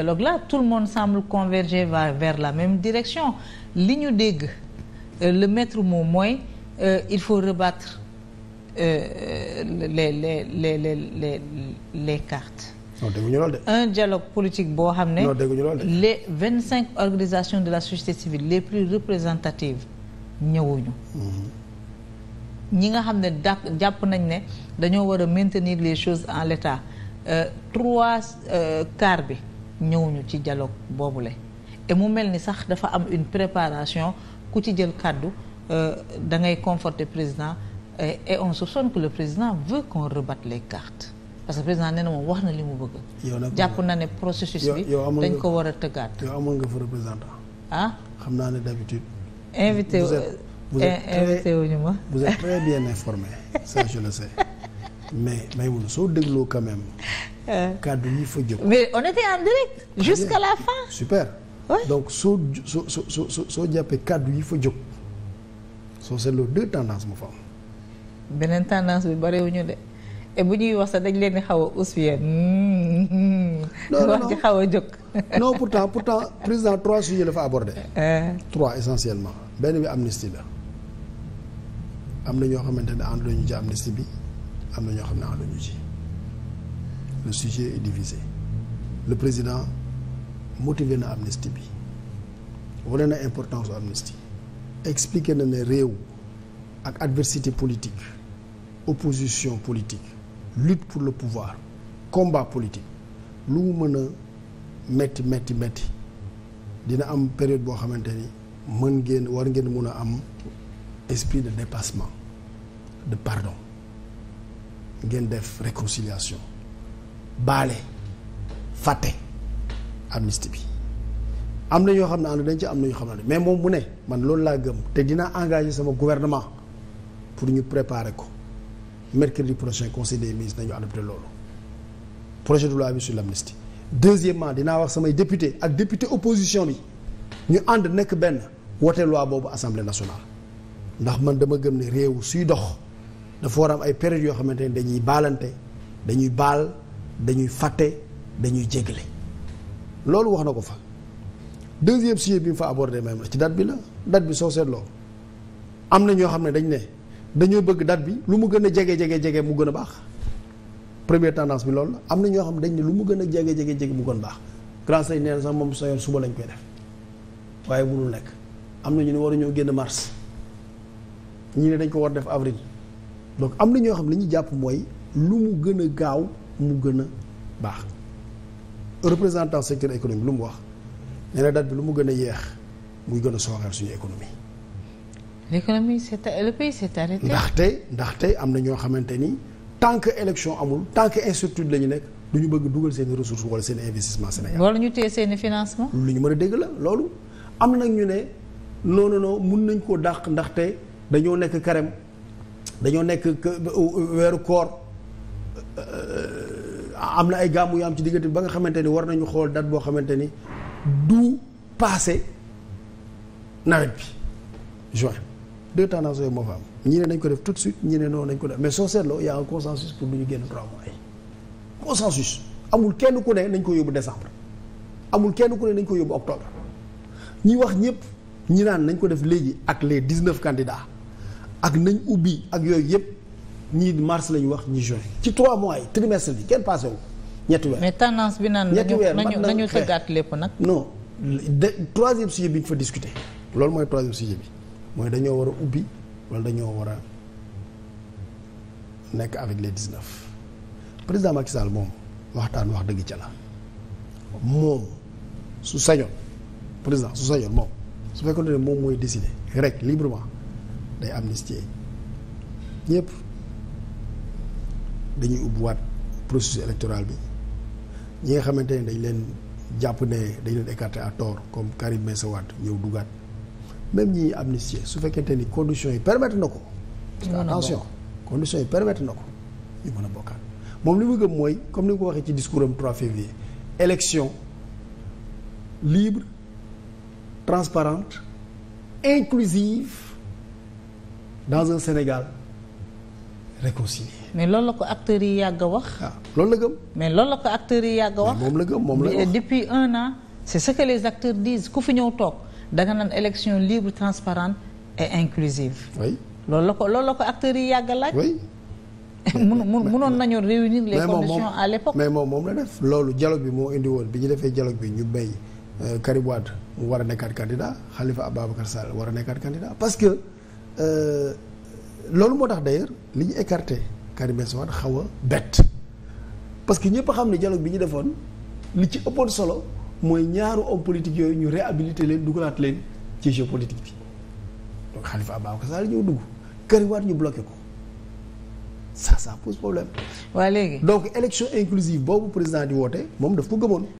dialogue-là tout le monde semble converger ver la même direction li ñu dégg euh, le maître moom mooy euh, il faut rebattre euh, les les les les les les cartes. non dégguñu un dialogue politique boo xam ne. non les vingt cinq organisations de la société civile les plus représentatives ñëwuñu. Mm-hmm. ñi nga xam ne jàpp nañ ne dañoo war a maintenir les choses en l'état trois quarts bi. ñëwuñu ci dialogue boobule et mu mel ni sax dafa am une préparation ku ci jël kàddu euh, da ngay conforter président et on soupçonne que le président veut qu'on rebatte les cartes parce que président nee moom wax na li mu bëgg jàpp na ne processus bi dañ ko war a tëggaat yow amoon nga fa représentant ah xam naa ne d'habitude invité invité wuñu ma vous êtes très bien informé ça je le sais mais Maïmouna soo dégloo quand même. Euh. kàddu yi fa jóg mais on était en direct. Ah, jusqu'à la fin. super. donc soo soo soo soo soo jàppee kàddu yi fa jóg soo seetloo deux tendances mu fa am. beneen tendance bi barewuñu de bu ñuy wax sax dañ leen di xaw a usuye. wax ci xaw a jóg. non pourtant pourtant président trois sujets la fa abordé. Euh. trois essentiellement benn bi amnistie la am na ñoo xamante ne ànd nañu ci amnistie bi. am na ñoo xam ne ànduñu ci le sujet est le président motivé na amnistie bi wane na importance su amnistie na ne réew ak adversité politique opposition politique lutte pour le pouvoir combat politique lu mu mën a metti metti metti dina am période boo xamante ni mën ngeen war ngeen mun a am esprit de dépassement de pardon ngeen def réconciliation baale fàtte amnistie bi am na ñoo xam ne ànd dañ ci am na ñoo xam ne mais moom mu ne man loolu laa gëm te dinaa engagé sama gouvernement pour ñu préparer ko mercredi prochain conseil des ministres nañu adopté loolu projet de loi bi sur l'amnistie deuxièmement dinaa wax samay député ak député opposition bi ñu ànd nekk benn wote loi boobu assemblée nationale ndax man dama gëm ne réew suy dox dafa war am ay période yoo xamante ne dañuy baalante dañuy baal dañuy fàtte dañuy jéggale loolu wax na ko fa deuxième sujet bi mu fa abordé même ci date bi la date bi soo seetloo am na ñoo xam ne dañ ne dañoo bëgg dat bi lu mu gën a jege jege jege mu gën a baax première tendance bi loolu la am na ñoo xam ne dañ ne lu mu gën a jege jege jege mu gën a baax grand sëñ nee sax moom sa yoon suba lañ koy def waaye munul nekk am na ñu ne waruñoo a mars ñii ne dañ ko war def avril. donc am na ñoo xam ne li ñu jàpp mooy lu mu gën a gaaw mu gën a baax représentant secteur économique lu mu wax nee na bi lu mu gën a yeex muy gën a sooxeel suñu économie. l'économie c'est le pays s'est arrêté. ndaxte ndaxte am na ñoo xamante ni tant que élection amul tant que incertitude la ñu nekk ñu bëgg dugal seen ressources wala seen investissement Sénégal. wala ñu téye seen financement. lu ñu mën a dégg la loolu am na ñu ne non non mun nañ koo dàq ndaxte dañoo nekk carême. dañoo nekk weeru koor euh, am na ay gàmmu yu am ci diggante ba nga xamante ni war nañu xool date boo xamante ni du passé nawet bi juin deux tendances yooyu moo fa am ñi ne nañ ko def tout de suite ñi ne noonu nañ ko def mais soo seetloo y a un consensus pour du ñu génn trois mois yi consensus amul kenn ku ne nañ ko yóbbu décembre amul kenn ku ne nañ ko yóbbu octobre ñi wax ñëpp ñi naan nañ ko def léegi ak les dix neuf candidats ak nañ ubbi ak yooyu yëpp ñii mars la ñu wax ñi juin ci trois mois yi trimestre bi kenn passé wu ñetti weer. mais tendance bi naan ñetti weer nañu nañu tëggaat lépp nag. non de troisième sujet bi ñu fa discuter loolu mooy troisième sujet bi mooy dañoo war a ubbi wala dañoo war a nekk avec les dix neuf président Macky Sall moom waxtaan wax dëgg ca la moom su sañoon président su sañoon moom su fekkoon ne moom mooy décider rek librement. day amnistier ñëpp dañuy ubbiwaat processus électoral bi ñi nga xamante ni dañ leen jàpp ne dañ leen écarté à tort comme Karim Meïssa Wade ñëw dugaat même ñi amnistier su fekkente ni conditions yi permettre na ko. parce que yi permettre na ko ñu mën a bokkaat moom li mu gëm mooy comme ni nga ko waxee ci discours am 3 février. élection libre transparente inclusive. dans un Sénégal réconcilié. mais loolu la ko acteurs yi yàgg a wax. Ah, loolu la gëm. mais loolu la ko acteurs yi yàgg a wax. moom la gëm moom la wax depuis un an. c'est ce les acteurs disent ku fi ñëw toog danga naan élection libre transparente et inclusive. oui loolu la ko loolu la ko acteurs yi yàgg a laaj. oui. mun munoon nañu réunir les conditions à l'époque mais moom moom la def loolu dialogue bi moo indi bi ñu defee dialogue bi ñu béy euh, Karim Wade mu war a nekkaat candidat Khalifa Ababacar Sall war a nekkaat candidat parce que. Euh, loolu moo tax d'ailleurs li ñu écarté Karim Meïssa Wade xaw a bett parce que ñëpp xam ne jaloo bi ñu defoon li ci ëppoon solo mooy ñaaru homme politique yooyu ñu réhabilité leen dugalaat leen ci jeu politique bi donc Khalifa Ababacar Sall ñëw dugg Karim Wade ñu bloqué ko ça ça pose problème. waa léegi donc élection inclusive boobu président di woote moom daf ko gëmoon.